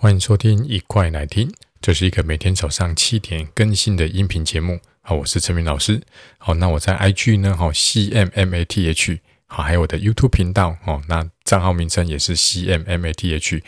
歡迎收聽，一塊來聽，這是一個每天早上七點更新的音頻節目。好，我是陳明老師。好，那我在 IG 呢？好，cmmath。好，M A T、H，還有我的 YouTube 頻道哦。那賬號名稱也是 cmmath，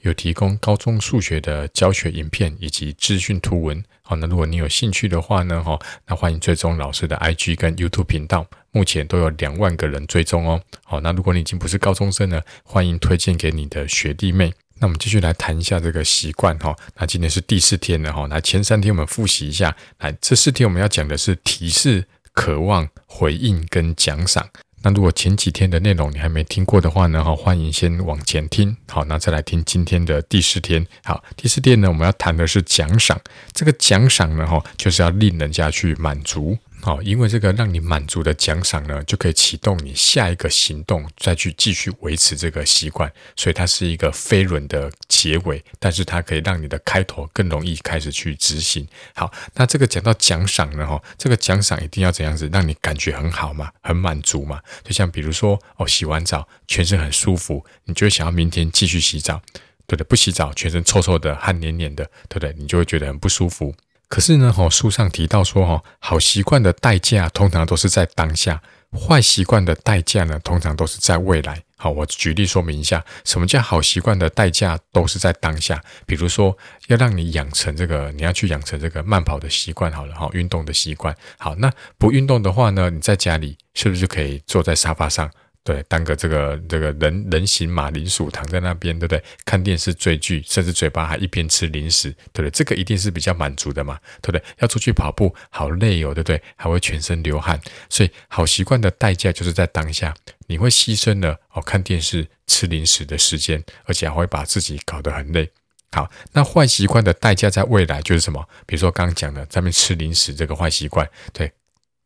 有提供高中數學的教學影片以及資訊圖文。好，那如果你有興趣的話呢？哈，那歡迎追蹤老師的 IG 跟 YouTube 頻道，目前都有兩萬個人追蹤哦。好，那如果你已經不是高中生了，歡迎推薦給你的學弟妹。那我們繼續來談一下這個習慣哈。那今天是第四天了哈。那前三天我們複習一下，來，這四天我們要講的是提示、渴望、回應跟獎賞。那如果前幾天的內容你還沒聽過的話呢哈，歡迎先往前聽。好，那再來聽今天的第四天。好，第四天呢，我們要談的是獎賞。這個獎賞呢哈，就是要令人家去滿足。好，因為這個讓你滿足的獎賞呢，就可以啟動你下一個行動，再去繼續維持這個習慣，所以它是一個飛輪的結尾，但是它可以讓你的開頭更容易開始去執行。好，那這個講到獎賞呢，哈，這個獎賞一定要怎樣子，讓你感覺很好嘛，很滿足嘛？就像比如說，哦，洗完澡，全身很舒服，你就想要明天繼續洗澡。對的，不洗澡，全身臭臭的，汗黏黏的，對不對？你就會覺得很不舒服。可是呢，哈、哦，書上提到說，哦，好習慣的代價通常都是在當下，壞習慣的代價呢，通常都是在未來。好，我舉例說明一下，什麼叫好習慣的代價都是在當下。比如說，要讓你養成這個，你要去養成這個慢跑的習慣，好了，哈、哦，運動的習慣。好，那不運動的話呢，你在家裡是不是就可以坐在沙發上？對，當個這個這個人人形馬鈴薯躺在那邊，對不對？看電視追劇，甚至嘴巴還一邊吃零食，對不對？這個一定是比較滿足的嘛，對不對？要出去跑步，好累哦，對不對？還會全身流汗。所以好習慣的代價就是在當下，你會犧牲了哦，看電視吃零食的時間，而且還會把自己搞得很累。好，那壞習慣的代價在未來就是什麼？比如說剛剛講的，在外面吃零食這個壞習慣，對，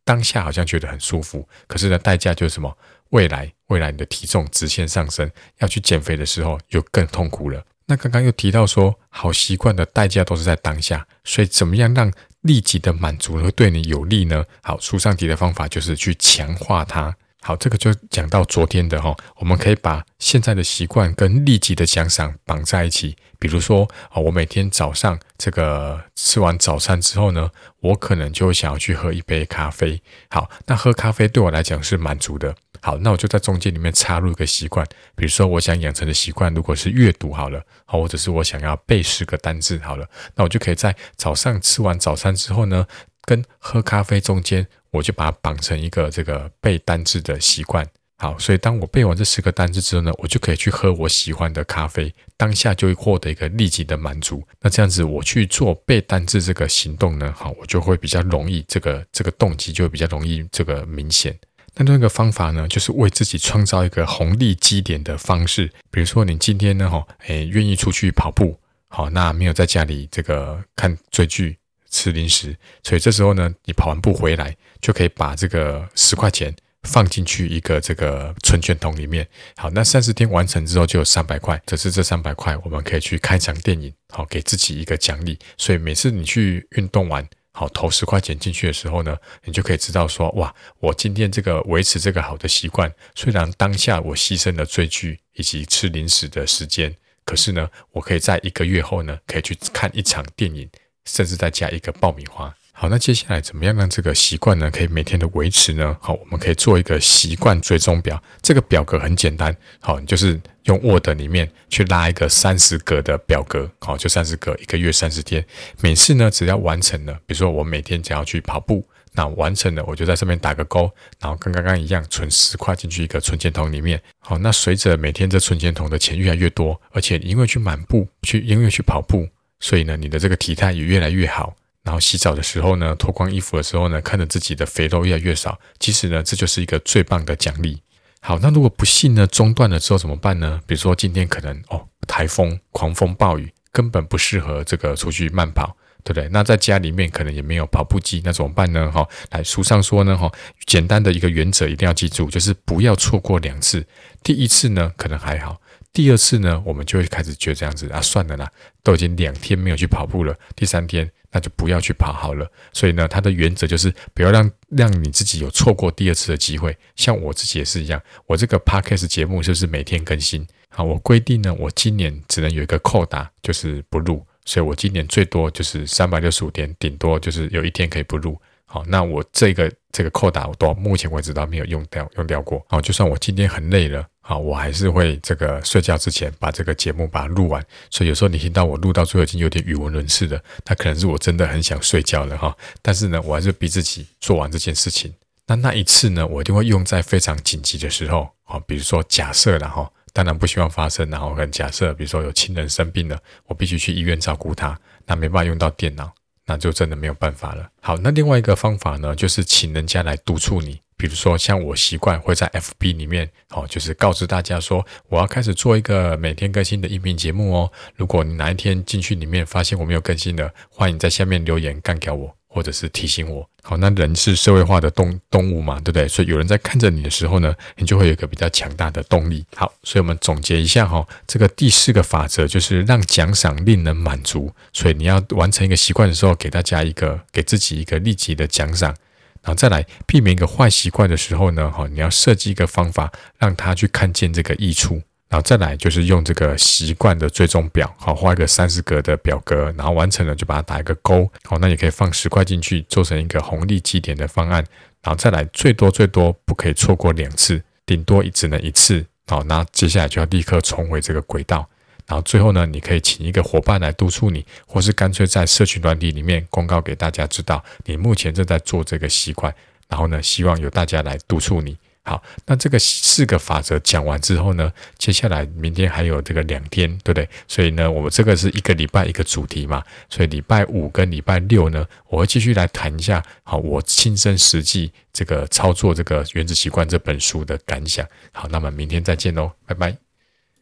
當下好像覺得很舒服，可是呢，代價就是什麼？未來，未來你的體重直線上升，要去減肥的時候就更痛苦了。那剛剛又提到說，好習慣的代價都是在當下，所以怎麼樣讓立即的滿足呢？會對你有利呢？好，書上提的方法就是去強化它。好，這個就講到昨天的哈，我們可以把現在的習慣跟立即的獎賞綁在一起。比如說，啊，我每天早上這個吃完早餐之後呢，我可能就會想要去喝一杯咖啡。好，那喝咖啡對我來講是滿足的。好，那我就在中間裡面插入一個習慣，比如說我想養成的習慣，如果是閱讀好了，好，或者是我想要背十個單字好了，那我就可以在早上吃完早餐之後呢，跟喝咖啡中間，我就把它綁成一個這個背單字的習慣。好，所以當我背完這十個單字之後呢，我就可以去喝我喜歡的咖啡，當下就會獲得一個立即的滿足。那這樣子我去做背單字這個行動呢，好，我就會比較容易，這個這個動機就會比較容易這個明顯。那另一個方法呢，就是為自己創造一個紅利積點的方式。比如說，你今天呢，哈、欸，誒，願意出去跑步，好，那沒有在家裡這個看追劇、吃零食，所以這時候呢，你跑完步回來，就可以把這個十塊錢放進去一個這個存錢桶裡面。好，那三十天完成之後，就有三百塊。這是這三百塊，我們可以去看一場電影，好，給自己一個獎勵。所以每次你去運動完。好，投十塊錢進去的時候呢，你就可以知道說，哇，我今天這個維持這個好的習慣，雖然當下我犧牲了追劇以及吃零食的時間，可是呢，我可以在一個月後呢，可以去看一場電影，甚至再加一個爆米花。好，那接下來怎麼樣讓這個習慣呢可以每天的維持呢？好，我們可以做一個習慣追蹤表。這個表格很簡單，好，你就是用 Word 裡面去拉一個三十格的表格，好，就三十格，一個月三十天。每次呢，只要完成了，比如說我每天只要去跑步，那完成了我就在上面打個勾，然後跟剛剛一樣存十塊進去一個存錢桶裡面。好，那隨着每天這存錢桶的錢越來越多，而且因為去滿步，去因為去跑步，所以呢，你的這個體態也越來越好。然後洗澡的時候呢，脫光衣服的時候呢，看着自己的肥肉越來越少，其實呢，這就是一個最棒的獎勵。好，那如果不幸呢中斷了之後怎麼辦呢？比如說今天可能哦台風、狂風暴雨，根本不適合這個出去慢跑，對不對？那在家裡面可能也沒有跑步機，那怎麼辦呢？哈、哦，來書上說呢，哈、哦，簡單的一個原則一定要記住，就是不要錯過兩次。第一次呢可能還好，第二次呢我們就會開始覺得這樣子啊，算了啦，都已經兩天沒有去跑步了，第三天。那就不要去跑好了。所以呢，它的原則就是不要讓讓你自己有錯過第二次的機會。像我自己也是一樣，我這個 Podcast 節目就是每天更新。好，我規定呢，我今年只能有一個扣打，就是不錄。所以我今年最多就是三百六十五天，頂多就是有一天可以不錄。好，那我這個這個扣打，我到目前為止都沒有用掉用掉過。好，就算我今天很累了。啊，我還是會這個睡覺之前把這個節目把它錄完，所以有時候你聽到我錄到最後已經有點語無倫次的，那可能是我真的很想睡覺了哈。但是呢，我還是逼自己做完這件事情。那那一次呢，我一定會用在非常緊急的時候啊，比如說假設，然後當然不希望發生啦，然後很假設，比如說有親人生病了，我必須去醫院照顧他，那沒辦法用到電腦，那就真的沒有辦法了。好，那另外一個方法呢，就是請人家來督促你。比如說，像我習慣會在 FB 裡面，哦，就是告知大家說，我要開始做一個每天更新的音頻節目哦。如果你哪一天進去裡面發現我沒有更新的，歡迎在下面留言幹掉我，或者是提醒我。好、哦，那人是社會化的動動物嘛，對不對？所以有人在看着你的時候呢，你就會有一個比較強大的動力。好，所以我們總結一下哈、哦，這個第四個法則就是讓獎賞令人滿足。所以你要完成一個習慣的時候，給大家一個，給自己一個立即的獎賞。然後再來，避免一個壞習慣的時候呢，哈、哦，你要設計一個方法讓他去看見這個益處。然後再來就是用這個習慣的最終表，好、哦，畫一個三十格的表格，然後完成了就把它打一個勾。好、哦，那也可以放十塊進去，做成一個紅利集點的方案。然後再來，最多最多不可以錯過兩次，頂多只能一次。好、哦，那接下來就要立刻重回這個軌道。然後最後呢，你可以請一個伙伴來督促你，或是乾脆在社群團體裡面公告給大家知道，你目前正在做這個習慣。然後呢，希望有大家來督促你。好，那這個四個法則講完之後呢，接下來明天還有這個兩天，對不對？所以呢，我們這個是一個禮拜一個主題嘛，所以禮拜五跟禮拜六呢，我會繼續來談一下。好，我親身實際這個操作這個《原子習慣》這本書的感想。好，那麼明天再見嘍，拜拜。